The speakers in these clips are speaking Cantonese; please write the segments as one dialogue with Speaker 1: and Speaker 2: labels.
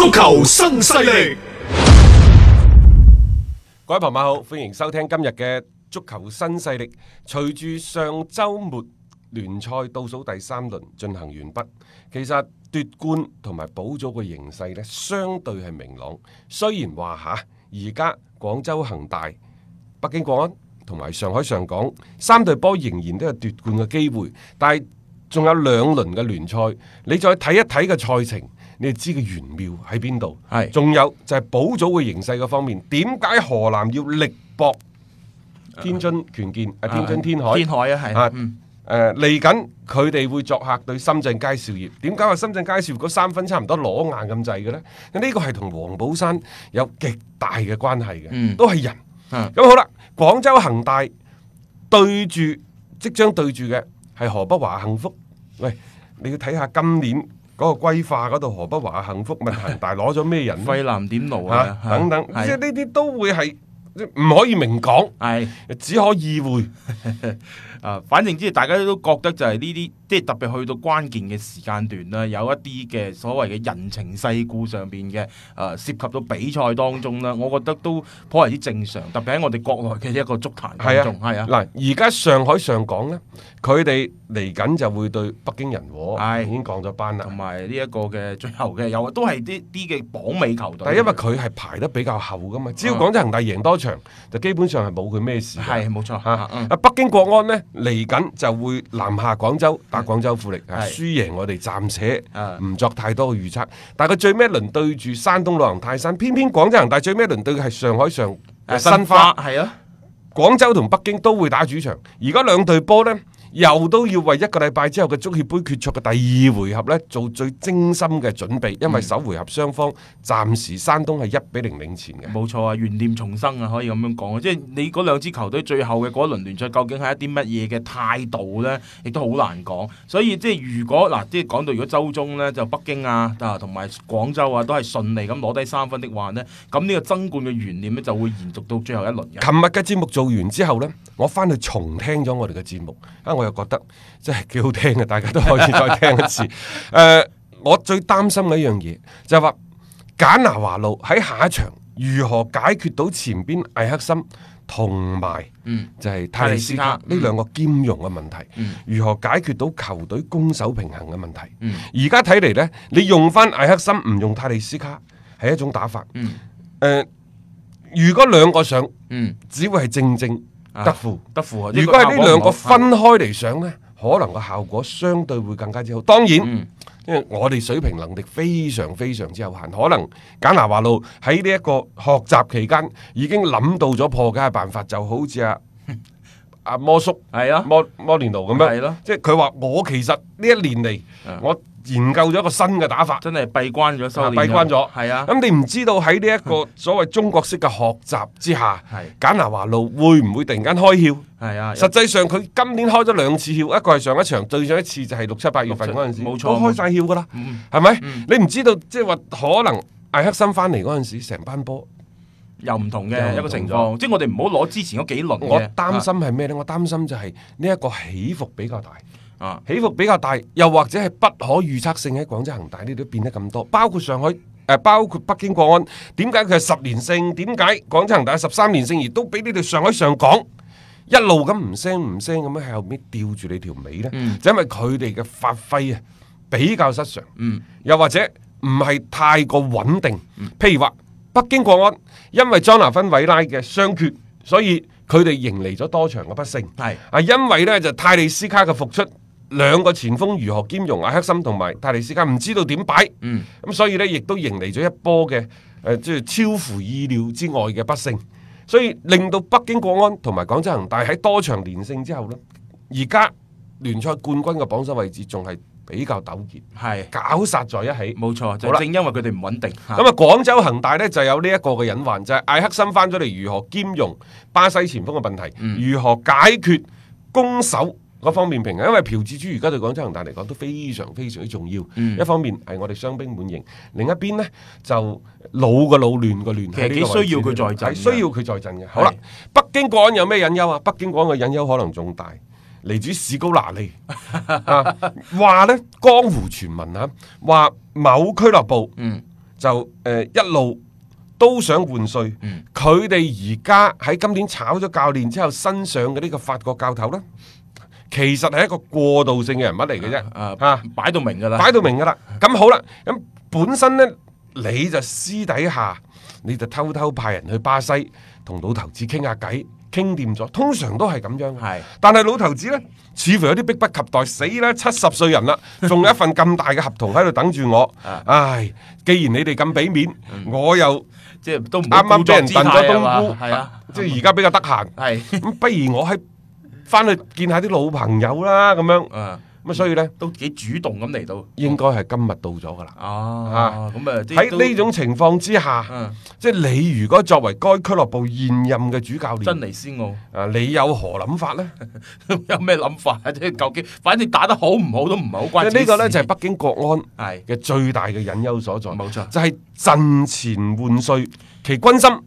Speaker 1: 足球新勢力，各位朋友好，歡迎收聽今日嘅足球新勢力。隨住上周末聯賽倒數第三輪進行完畢，其實奪冠同埋保組嘅形勢呢，相對係明朗。雖然話吓，而家廣州恒大、北京國安同埋上海上港三隊波仍然都有奪冠嘅機會，但係仲有兩輪嘅聯賽，你再睇一睇嘅賽程。你哋知嘅玄妙喺邊度？係，仲有就係保組嘅形勢嘅方面，點解河南要力搏天津權健、啊？啊，天津天海，天海啊，係、嗯、誒，嚟緊佢哋會作客對深圳佳兆業，點解話深圳佳兆業嗰三分差唔多攞硬咁滯嘅咧？呢個係同黃寶山有極大嘅關係嘅、嗯，都係人，咁好啦，廣州恒大對住即將對住嘅係河北華幸福，喂，你要睇下今年。嗰、那個歸化嗰度，河北華幸福問題但攞咗咩人？費南點路啊，啊，啊，啊，等等，即係呢啲都會係唔可以明講，只可以意會。
Speaker 2: 啊、呃，反正即係大家都覺得就係呢啲，即係特別去到關鍵嘅時間段啦，有一啲嘅所謂嘅人情世故上邊嘅，誒、呃，涉及到比賽當中啦，
Speaker 1: 我覺得都頗為之正常，特別喺我哋國內嘅一個足壇。係啊，係啊，嗱，而家上海上港咧，佢哋嚟緊就會對北京人和，已經降咗班啦，同埋呢一個嘅最後嘅，又都係啲啲嘅榜尾球隊。但因為佢係排得比較後噶嘛，只要廣州恒大贏多場，嗯、就基本上係冇佢咩事。係，冇錯嚇、啊嗯。北京國安呢。嚟緊就會南下廣州打廣州富力，輸贏我哋暫且唔作太多嘅預測。但係佢最尾一輪對住山東魯能泰山，偏偏廣州恒大最尾一輪對嘅係上海上，啊、申花，係啊。廣州同北京都會打主場，而家兩隊波呢。又都要為一個禮拜之後嘅足協杯決賽嘅第二回合咧，做最精心嘅準備，因為首回合雙方暫時山東係一比零領先嘅。
Speaker 2: 冇錯啊，懸念重生啊，可以咁樣講。即係你嗰兩支球隊最後嘅嗰輪聯賽，究竟係一啲乜嘢嘅態度呢？亦都好難講。所以即係如果嗱，即係講到如果周中呢，就北京啊啊同埋廣州啊都係順利咁攞低三分的話呢，咁呢個爭冠
Speaker 1: 嘅懸念呢，就會延續到最後一輪。琴日嘅節目做完之後呢，我翻去重聽咗我哋嘅節目。我又覺得真係幾好聽嘅，大家都可以再聽一次。誒、 呃，我最擔心嘅一樣嘢就係話簡拿華路喺下一場如何解決到前邊艾克森同埋，嗯，就係泰利斯卡呢兩個兼容嘅問題，嗯嗯。如何解決到球隊攻守平衡嘅問題？而家睇嚟呢，你用翻艾克森唔用泰利斯卡係一種打法。嗯，呃、如果兩個上，嗯，只會係正正。得負得負，如果係呢兩個分開嚟，想咧，可能個效果相對會更加之好。當然，因為我哋水平能力非常非常之有限，可能簡拿華路喺呢一個學習期間已經諗到咗破解嘅辦法，就好似阿阿摩叔係啊摩摩連奴咁樣，係咯，即係佢話我其實呢一年嚟我，研究咗一個新嘅打法，真係閉關咗修煉咗，閉關咗，係啊。咁、嗯、你唔知道喺呢一個所謂中國式嘅學習之下，簡拿、啊啊、華路會唔會突然間開竅？係啊。實際上佢今年開咗兩次竅，一個係上一場，最上一次就係六七八月份嗰陣時，冇錯，都開晒竅噶啦，係、嗯、咪、嗯？你唔知道即係話可能艾克森翻嚟嗰陣時，成班波又唔同嘅一個情況。即係、就是、我哋
Speaker 2: 唔好攞之前嗰幾輪。我擔心
Speaker 1: 係咩咧？我擔心就係呢一個起伏比較大。啊，起伏比較大，又或者係不可預測性喺廣州恒大呢都變得咁多，包括上海誒、呃，包括北京國安，點解佢係十年勝？點解廣州恒大十三年勝而都俾呢度上海上港一路咁唔聲唔聲咁喺後面吊住你條尾呢？嗯、就是、因為佢哋嘅發揮啊比較失常，嗯，又或者唔係太過穩定。嗯、譬如話北京國安，因為佐納芬、韋拉嘅傷缺，所以佢哋迎嚟咗多場嘅不勝。係啊，因為呢就泰利斯卡嘅復出。兩個前鋒如何兼容？艾克森同埋泰利斯卡唔知道點擺，咁、嗯、所以呢，亦都迎嚟咗一波嘅誒，即、呃、係、就是、超乎意料之外嘅不勝，所以令到北京國安同埋廣州恒大喺多場連勝之後呢而家聯賽冠軍嘅榜首位置仲係比較糾結，係搞殺在一起，冇錯就是、正因為佢哋唔穩定，咁啊廣州恒大呢就有呢一個嘅隱患，就係、是、艾克森翻咗嚟如何兼容巴西前鋒嘅問題、嗯，如何解決攻守？嗰方面平衡，因為朴智珠而家對廣州恒大嚟講都非常非常之重要、嗯。一方面係我哋傷兵滿營，另一邊呢就老嘅老亂嘅亂，其實幾需要佢在陣，需要佢在陣嘅。好啦，北京國安有咩隱憂啊？北京國安嘅隱憂可能仲大嚟自史高拿利 啊，話呢江湖傳聞嚇、啊，話某俱樂部就嗯就誒、呃、一路都想換帥，佢哋而家喺今年炒咗教練之後，新上嘅呢個法國教頭呢。其實係一個過渡性嘅人物嚟嘅啫，嚇擺到明噶啦，擺到明噶啦。咁、嗯、好啦，咁本身咧，你就私底下你就偷偷派人去巴西同老頭子傾下偈，傾掂咗。通常都係咁樣。係，但係老頭子咧，似乎有啲迫不及待，死啦七十歲人啦，仲有一份咁大嘅合同喺度等住我。 唉，既然你哋咁俾面、嗯，我又、嗯、即係都唔啱啱俾人燉咗冬菇，係啊，即係而家比較得閒，咁不如我喺。 翻去見下啲老朋友啦，咁樣。啊，咁啊，所以咧都幾主動咁嚟到。應該係今日到咗噶啦。哦，啊，咁、嗯、啊，喺、嗯、呢、嗯、種情況之下，嗯、即係你如果作為該俱樂部現任嘅主教練，真尼斯奧，啊，你有何諗法咧？
Speaker 2: 有咩諗法啊？即係究竟，反正打得好唔好都唔係好關心。這個呢個咧就係、
Speaker 1: 是、北京國安係嘅最大嘅隱憂所在。冇、嗯、錯，就係、是、陣前換帥，其軍心。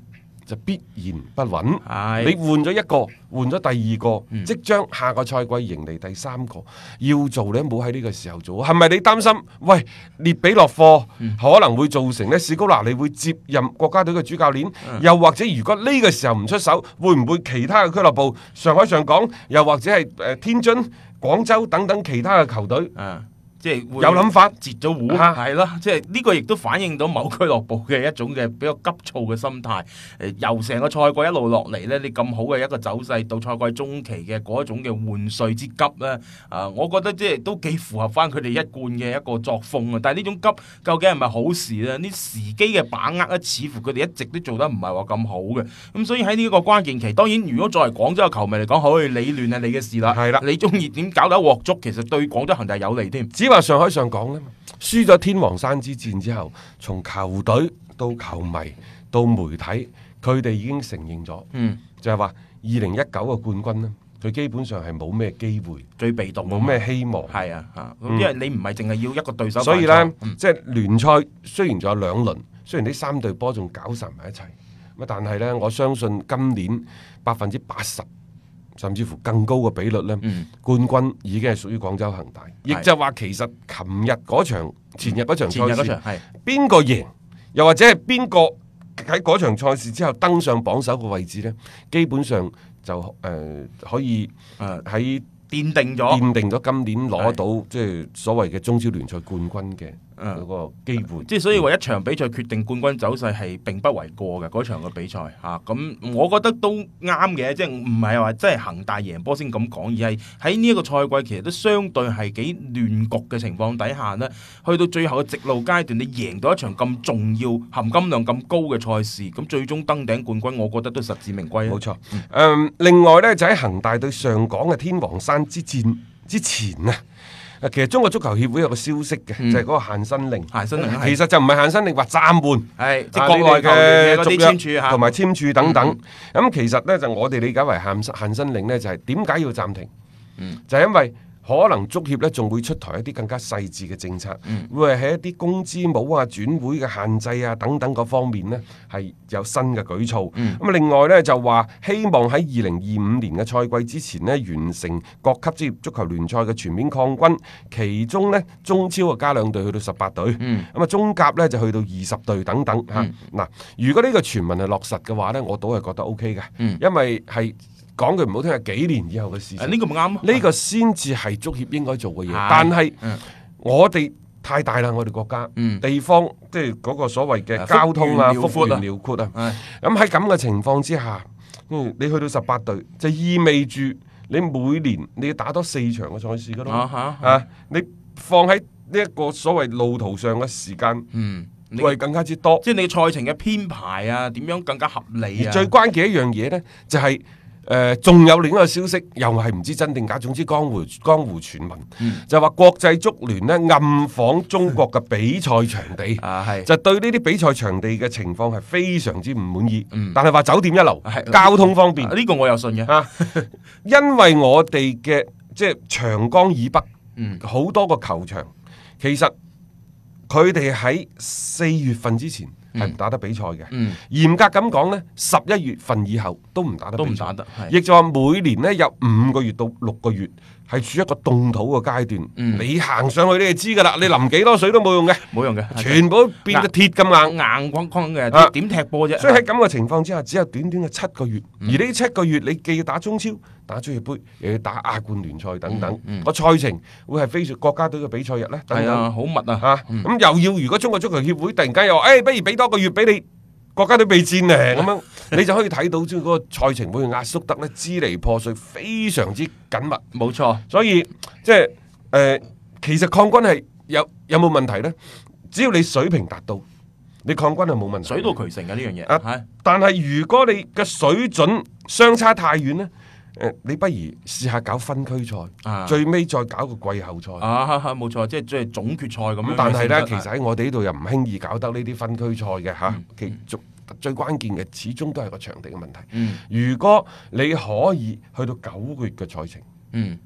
Speaker 1: 就必然不穩，yes. 你換咗一個，換咗第二個，嗯、即將下個賽季迎嚟第三個，要做咧冇喺呢個時候做，係咪你擔心？喂，列比落貨、嗯、可能會造成呢？史高拿你會接任國家隊嘅主教練、嗯，又或者如果呢個時候唔出手，會唔會其他嘅俱樂部，上海、上港，又或者係誒、呃、天津、廣州等等其他嘅球隊？嗯即係有諗法截咗胡，係、啊、
Speaker 2: 啦即係呢個亦都反映到某俱樂部嘅一種嘅比較急躁嘅心態、呃。由成個賽季一路落嚟咧，你咁好嘅一個走勢，到賽季中期嘅嗰一種嘅換帥之急咧，啊、呃，我覺得即係都幾符合翻佢哋一貫嘅一個作風啊！但呢種急究竟係咪好事咧？呢時機嘅把握咧，似乎佢哋一直都做得唔係話咁好嘅。咁所以喺呢一個關鍵期，當然如果作為廣州嘅球迷嚟講，可以理亂啊你嘅事啦，
Speaker 1: 啦，你中意點搞都獲足，其實對廣州恒大有利添。咁啊，上海上港咧輸咗天王山之戰之後，從球隊到球迷到媒體，佢哋已經承認咗，嗯，就係話二零一九嘅冠軍咧，佢基本上係冇咩機會，最被動，冇咩希望，係、嗯、啊，因為你唔係淨係要一個對手、嗯，所以呢，即係聯賽雖然仲有兩輪，雖然呢三隊波仲搞雜埋一齊，咁但係呢，我相信今年百分之八十。甚至乎更高嘅比率呢、嗯，冠軍已經係屬於廣州恒大。亦就話其實琴日嗰場、前日嗰場賽事，邊個贏，又或者係邊個喺嗰場賽事之後登上榜首嘅位置呢，基本上就誒、呃、可以誒喺奠定咗、奠定咗今年攞到即係、就是、所謂嘅中超聯賽冠軍嘅。
Speaker 2: 嗯，嗰、那個機會、嗯、即係所以話一場比賽決定冠軍走勢係並不為過嘅嗰場嘅比賽嚇，咁、啊、我覺得都啱嘅，即係唔係話即係恒大贏波先咁講，而係喺呢一個賽季其實都相對係幾亂局嘅情況底下呢，去到最後嘅直路階段，你贏到一場咁重要、含金量咁高嘅賽事，咁最終登
Speaker 1: 頂冠軍，我覺得都實至名歸。冇錯，嗯，嗯，另外呢，就喺恒大對上港嘅天王山之戰之前啊。其實中國足球協會有個消息嘅、嗯，就係、是、嗰個限薪令。限薪令其實就唔係限薪令，話暫緩。係，即、就、係、是、國內嘅續約同埋、嗯、簽署等等。咁、嗯、其實咧，就我哋理解為限限薪令咧，就係點解要暫停？嗯、就係、是、因為。可能足協咧仲會出台一啲更加細緻嘅政策，會、嗯、喺一啲工資帽啊、轉會嘅限制啊等等嗰方面呢，係有新嘅舉措。咁、嗯、另外呢，就話希望喺二零二五年嘅賽季之前呢，完成各級足球聯賽嘅全面抗軍，其中呢，中超啊加兩隊去到十八隊，咁、嗯、啊中甲呢就去到二十隊等等吓嗱、嗯，如果呢個全民係落實嘅話呢，我都係覺得 O K 嘅，因為係。講句唔好聽，係幾年以後嘅，啊這個這個，事情。呢個唔啱，呢個先至係足協應該做嘅嘢。但係我哋太大啦，我哋國家、嗯、地方，即係嗰個所謂嘅交通啊、幅員遼闊啊。咁喺咁嘅情況之下、嗯，你去到十八隊，就意味住你每年你要打多四場嘅賽事噶咯。吓、啊啊啊，你放喺呢一個所謂路途上嘅時間，嗯你，會更加之多。即係你賽程嘅編排啊，點樣更加合理、啊？而最關鍵一樣嘢呢，就係、是。仲、呃、有另一個消息，又係唔知真定假，總之江湖江湖傳聞、嗯，就話國際足聯暗訪中國嘅比賽場地，嗯、就對呢啲比賽場地嘅情況係非常之唔滿意。嗯、但係話酒店一流，嗯、交通方便，呢、嗯啊呢個我又信嘅、啊，因為我哋嘅即係長江以北，好、嗯、多個球場，其實佢哋喺四月份之前。係唔打得比賽嘅，嗯嗯，嚴格咁講呢，十一月份以後都唔打得比賽，亦就話每年咧有五個月到六個月，係處於一個凍土嘅階段，嗯、你行上去你就知㗎啦，你淋幾多水都冇用嘅，冇用嘅，全部變到鐵咁硬，硬框框嘅，點、啊、踢波啫？所以喺咁嘅情況之下，只有短短嘅七個月。嗯、而呢七個月，你既要打中超、打足協杯，又要打亞冠聯賽等等，個、嗯嗯、賽程會係非常國家隊嘅比賽日咧，等等，係啊，好密啊嚇！咁、啊嗯、又要如果中國足球協會突然間又誒、哎，不如俾多個月俾你國家隊備戰咧咁、嗯、樣。嗯 你就可以睇到即係嗰個賽程會壓縮得咧支離破碎，非常之緊密。冇錯，所以即係誒，其實擴軍係有有冇問題咧？只要你水平達到，你擴軍係冇問題的，水到渠成嘅呢樣嘢。但係如果你嘅水準相差太遠咧，誒、啊，你不如試下搞分區賽、啊，最尾再搞個季後賽。啊，冇、啊、錯，即係即係總決賽咁樣、嗯。但係咧，其實喺我哋呢度又唔輕易搞得呢啲分區賽嘅吓，其最關鍵嘅始終都係個場地嘅問題。嗯，如果你可以去到九個月嘅賽程，嗯，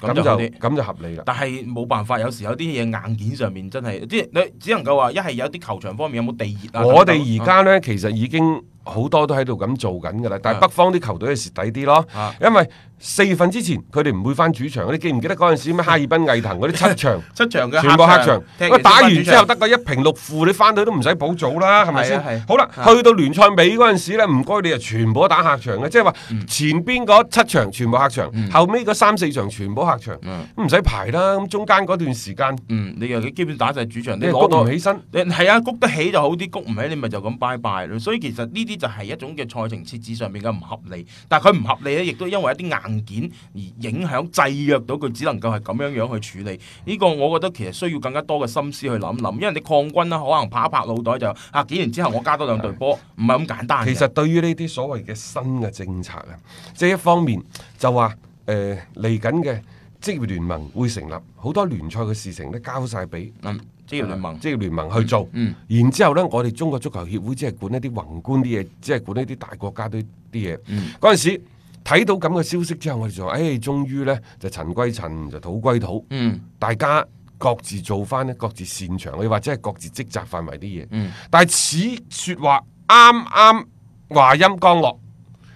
Speaker 1: 咁就咁就，就合理啦。但係
Speaker 2: 冇辦法，有時候有啲嘢硬件上面真係，即係你只能夠話一係有啲球場方面有冇地熱啊。我哋而家咧，
Speaker 1: 其實已經。好多都喺度咁做緊噶啦，但係北方啲球隊就蝕底啲咯，因為四月份之前佢哋唔會翻主場你啲，記唔記得嗰陣時咩哈爾濱毅騰嗰啲七場 七場嘅全部客場，場，打完之後得個一平六負，你翻去都唔使補組啦，係咪先？係啊係啊好啦，啊、去到聯賽尾嗰陣時咧，唔該你啊，你就全部打客場嘅，即係話前邊嗰七場全部客場，嗯、後尾嗰三四場全部客場，唔、嗯、使排啦，咁中間嗰段時間、嗯，你又基本上打曬主場，你攞唔起
Speaker 2: 身？你係啊，谷得起就好啲，谷唔起你咪就咁拜拜。所以其實呢啲。呢就係、是、一種嘅賽程設置上面嘅唔合理，但係佢唔合理咧，亦都因為一啲硬件而影響制約到佢，只能夠係咁樣樣去處理。呢、這個我覺得其實需要更加多嘅心思去諗諗，因為你抗軍啦，可能拍一拍腦袋就啊，幾年之後我加多兩隊波，唔係咁簡單。其實
Speaker 1: 對於呢啲所謂嘅新嘅政策啊，即係一方面就話誒嚟緊嘅。呃職業聯盟會成立，好多聯賽嘅事情都交晒俾職業聯盟，職業聯盟去做。嗯嗯、然之後咧，我哋中國足球協會只係管一啲宏觀啲嘢，只、就、係、是、管一啲大國家隊啲嘢。嗰、嗯、陣時睇到咁嘅消息之後，我哋就話誒、哎，終於咧就塵歸塵，就土歸土。嗯，大家各自做翻咧，各自擅長，或者係各自職責範圍啲嘢。嗯，但係此說話啱啱話音剛落，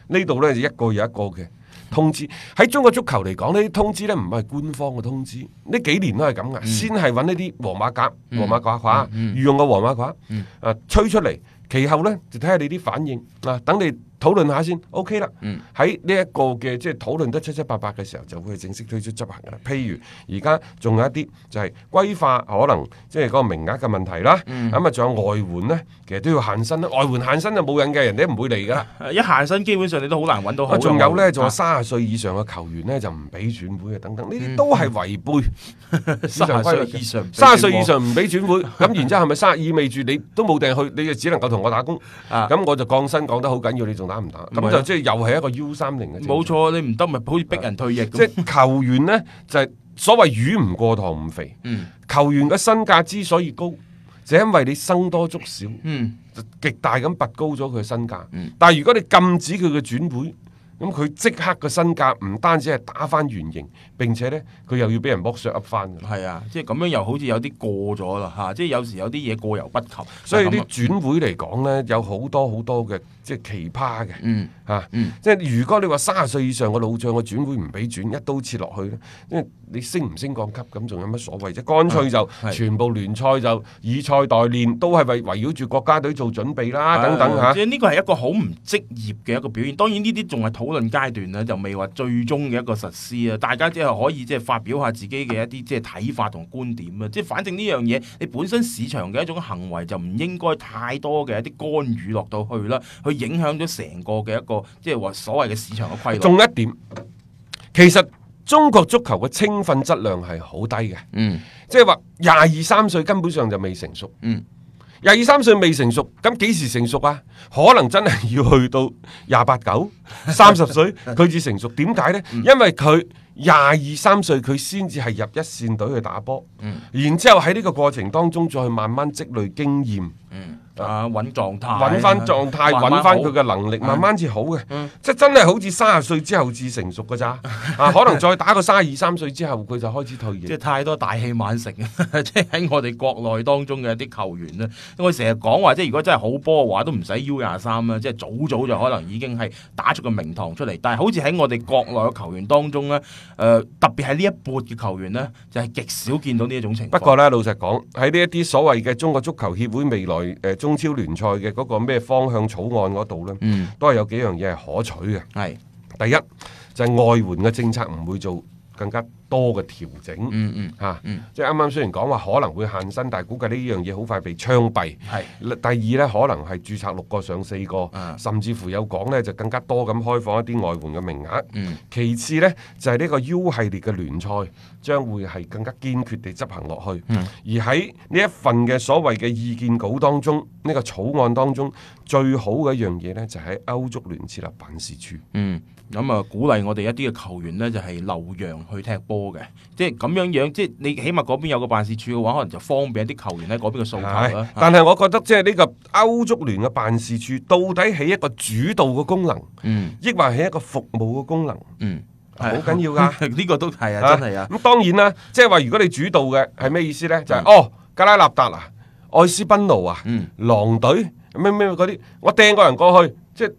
Speaker 1: 呢度咧就一個又一個嘅。通知喺中國足球嚟講，呢啲通知咧唔係官方嘅通知，呢幾年都係咁噶，先係揾呢啲黃馬甲、黃馬褂、御、嗯、用嘅黃馬褂啊、嗯嗯、吹出嚟，其後咧就睇下你啲反應啊，等你。討論下先，OK 啦。喺呢一個嘅即係討論得七七八八嘅時候，就會正式推出執行啦。譬如而家仲有一啲就係歸化，可能即係嗰個名額嘅問題啦。咁、嗯、啊，仲有外援呢？其實都要限薪啦。外援限薪就冇人嘅，人哋唔會嚟噶。一限薪基本上你都難好難揾到。仲有呢，仲有三十歲以上嘅球員呢，就唔俾轉會啊，等等。呢、嗯、啲都係違背三十、嗯嗯、 歲以上，三十歲以上唔俾轉會。咁 然之後係咪三十？意味住你都冇定去？你就只能夠同我打工。咁、嗯、我就降薪、啊、講得好緊要，你仲？打唔打？咁、啊、就即係又係一個 U 三零嘅。冇錯，你唔得咪好似逼人退役。即、啊、係、就是、球員呢，就係、是、所謂魚唔過塘唔肥。嗯，球員嘅身價之所以高，就因為你生多足少。嗯，就極大咁拔高咗佢嘅身價、嗯。但係如果你禁止佢嘅轉會，咁佢即刻嘅身價唔單止係打翻原形，並且呢，佢又要俾人剝削翻。係啊，即係咁樣又好似有啲過咗啦吓。即、啊、係、就是、有時有啲嘢過猶不及，所以啲轉會嚟講呢，嗯、有好多好多嘅。即係奇葩嘅嚇、嗯啊嗯，即係如果你話三十歲以上嘅老將，我轉會唔俾轉，一刀切落去咧，即係你升唔升降級咁，仲有乜所謂啫？乾脆就、啊、全部聯賽就以賽代練，都係為圍繞住國家隊做準備啦，啊、等等嚇。即、啊、呢、這個係一個好唔職
Speaker 2: 業嘅一個表現。當然呢啲仲係討論階段啦，就未話最終嘅一個實施啊。大家只係可以即係發表下自己嘅一啲即係睇法同觀點啊。即係反正呢樣嘢，你本身市場嘅一種行為就唔應該太多嘅一啲干預落到去啦，去。影響咗
Speaker 1: 成個嘅一個，
Speaker 2: 即係話所謂嘅市場嘅規律。仲一
Speaker 1: 點，其實中國足球嘅青訓質量係好低嘅。嗯，即係話廿二三歲根本上就未成熟。嗯，廿二三歲未成熟，咁幾時成熟啊？可能真係要去到廿八九、三十歲佢至成熟。點解呢，嗯？因為佢廿二三歲佢先至係入一線隊去打波、嗯。然之後喺呢個過程當中再去慢慢積累經驗。嗯，啊，揾狀態，揾返狀態，揾返佢嘅能力，慢慢至好嘅。即、嗯、係真係好似卅歲之後至成熟嘅咋、啊，啊，可能再打個卅二三歲之後，佢就開始退役。即係太多大器晚成，即係喺我哋國內當
Speaker 2: 中嘅一啲球員啦。我成日講話，即係如果真係好波嘅話，都唔使 U 廿三啦，即係早早就可能已經係打出個名堂出嚟。但係好似喺我哋國內嘅球員當中咧，誒、呃，特別係呢一撥嘅球員咧，就係、是、極少見到呢一種情況。不過咧，
Speaker 1: 老實講，喺呢一啲所謂嘅中國足球協會未來。誒，中超聯賽嘅嗰個咩方向草案嗰度咧，都係有幾樣嘢係可取嘅。係，第一就係、是、外援嘅政策唔會做更加多嘅調整，嚇、嗯嗯啊嗯，即係啱啱雖然講話可能會限薪，但係估計呢樣嘢好快被槍斃。第二呢，可能係註冊六個上四個，啊，甚至乎有講呢，就更加多咁開放一啲外援嘅名額，嗯。其次呢，就係、是、呢個 U 系列嘅聯賽將會係更加堅決地執行落去。嗯，而喺呢一份嘅所謂嘅意見稿當中，呢、這個草案當中最好嘅一樣嘢呢，就喺、是、歐足聯設立辦事處。嗯，咁啊，呃、鼓勵我哋一啲嘅球員呢，就係、是、留洋去踢波。
Speaker 2: 嘅，即係咁樣樣，即係你起碼嗰邊有個辦事處嘅話，可能就方便啲球員喺嗰邊
Speaker 1: 嘅註冊。但係我覺得，即係呢個歐足聯嘅辦事處到底係一個主導嘅功能，嗯，亦或係一個服務嘅功能，嗯，好緊要噶，呢、啊這個都係啊，真係啊。咁、嗯嗯、當然啦，即係話如果你主導嘅係咩意思咧？就係、是嗯、哦，加拉納達啊，愛斯賓奴啊，嗯，狼隊，咩咩嗰啲，我掟個人過去，即係。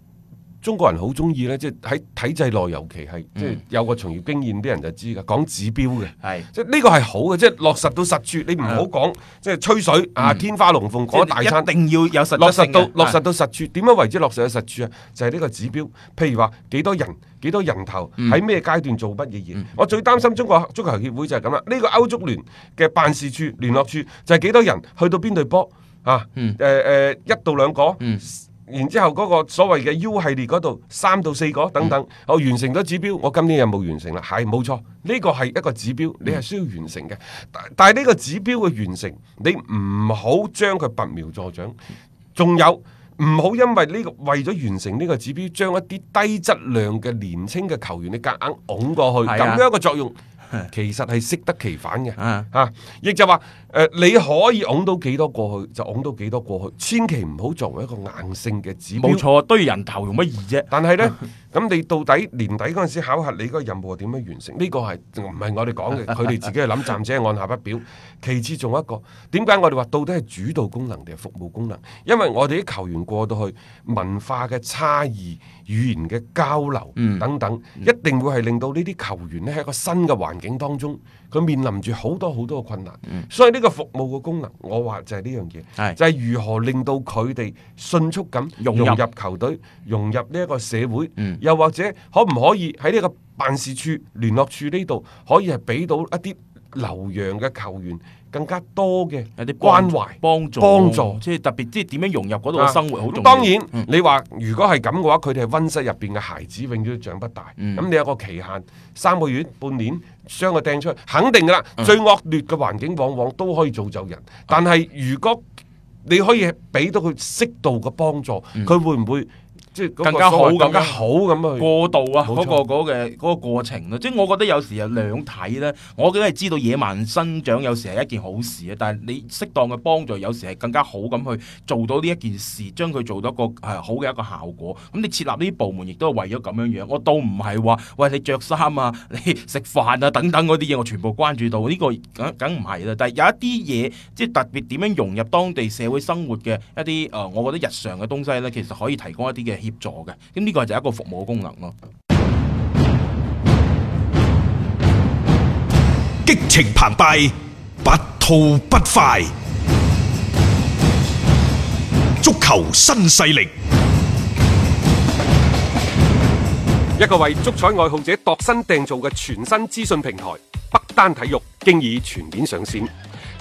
Speaker 1: 中國人好鍾意呢，即係喺體制內，尤其係即係有個從業經驗啲人就知㗎、嗯，講指標嘅，即係呢個係好嘅，即係落實到實處。你唔好講即係吹水啊，天花龍鳳講、那個、大餐，一定要有實落實到落實到實處。點、嗯、樣為之落實到實處啊？就係、是、呢個指標，譬如話幾多人、幾多人頭喺咩、嗯、階段做乜嘢嘢。我最擔心中國足球協會就係咁啦。呢、這個歐足聯嘅辦事處、嗯、聯絡處就係、是、幾多人去到邊隊波啊？誒、嗯、誒、呃，一到兩個。嗯然之後嗰個所謂嘅 U 系列嗰度三到四個等等，我、嗯、完成咗指標，我今年又冇完成啦。係冇錯，呢、呢個係一個指標，你係需要完成嘅。但係呢個指標嘅完成，你唔好將佢拔苗助長。仲有，唔好因為呢、呢個為咗完成呢個指標，將一啲低質量嘅年輕嘅球員你夾硬拱過去，咁、啊、樣一個作用，其實係適得其反嘅。吓、啊，亦、啊、就話、是。誒、呃，你可以拱到幾多過去就拱到幾多過去，千祈唔好作為一個硬性嘅指標。冇錯，堆人頭用乜易啫？但係呢，咁 你到底年底嗰陣時候考核你個任務係點樣完成？呢、這個係唔係我哋講嘅，佢 哋自己去諗，暫且按下不表。其次，仲有一個，點解我哋話到底係主導功能定係服務功能？因為我哋啲球員過到去，文化嘅差異、語言嘅交流等等，嗯嗯、一定會係令到呢啲球員呢喺一個新嘅環境當中。佢面臨住好多好多嘅困難，嗯、所以呢個服務嘅功能，我話就係呢樣嘢，就係、是、如何令到佢哋迅速咁融入球隊、融入呢一個社會、嗯，又或者可唔可以喺呢個辦事處、聯絡處呢度，可以係俾到一啲留洋嘅球員更加多，嘅有啲關懷幫助、幫助，幫助，即係特別，即係點樣融入嗰度嘅生活好重要、啊、當然、嗯、你話如果係咁嘅話，佢哋係溫室入邊嘅孩子，永遠都長不大。咁、嗯、你有個期限三個月半年將佢掟出去，肯定噶啦。最惡劣嘅環境往往都可以造就人，但係如果你可以俾到佢適度嘅幫助，佢會唔會？即係更加好，更加好咁去過
Speaker 2: 渡啊！嗰、嗰個嗰嘅嗰個過程咯，即、就、係、係、我覺得有時又兩睇咧。我梗係知道野蠻生長有時係一件好事啊，但係你適當嘅幫助有時係更加好咁去做到呢一件事，將佢做到一個係、呃、好嘅一個效果。咁你設立呢啲部門亦都係為咗咁樣樣。我倒唔係話喂你着衫啊，你食飯啊等等嗰啲嘢，我全部關注到呢、呢個梗梗唔係啦。但係有一啲嘢即係特別點樣融入當地社會生活嘅一啲誒，我覺得日常嘅東西咧，其實可以提供一啲嘅。協助嘅，咁、這、呢個就係一個服務功能咯。激情澎湃，不吐不快。
Speaker 1: 足球新勢力，一個為足彩愛好者度身訂造嘅全新資訊平台——北單體育，經已全面上線。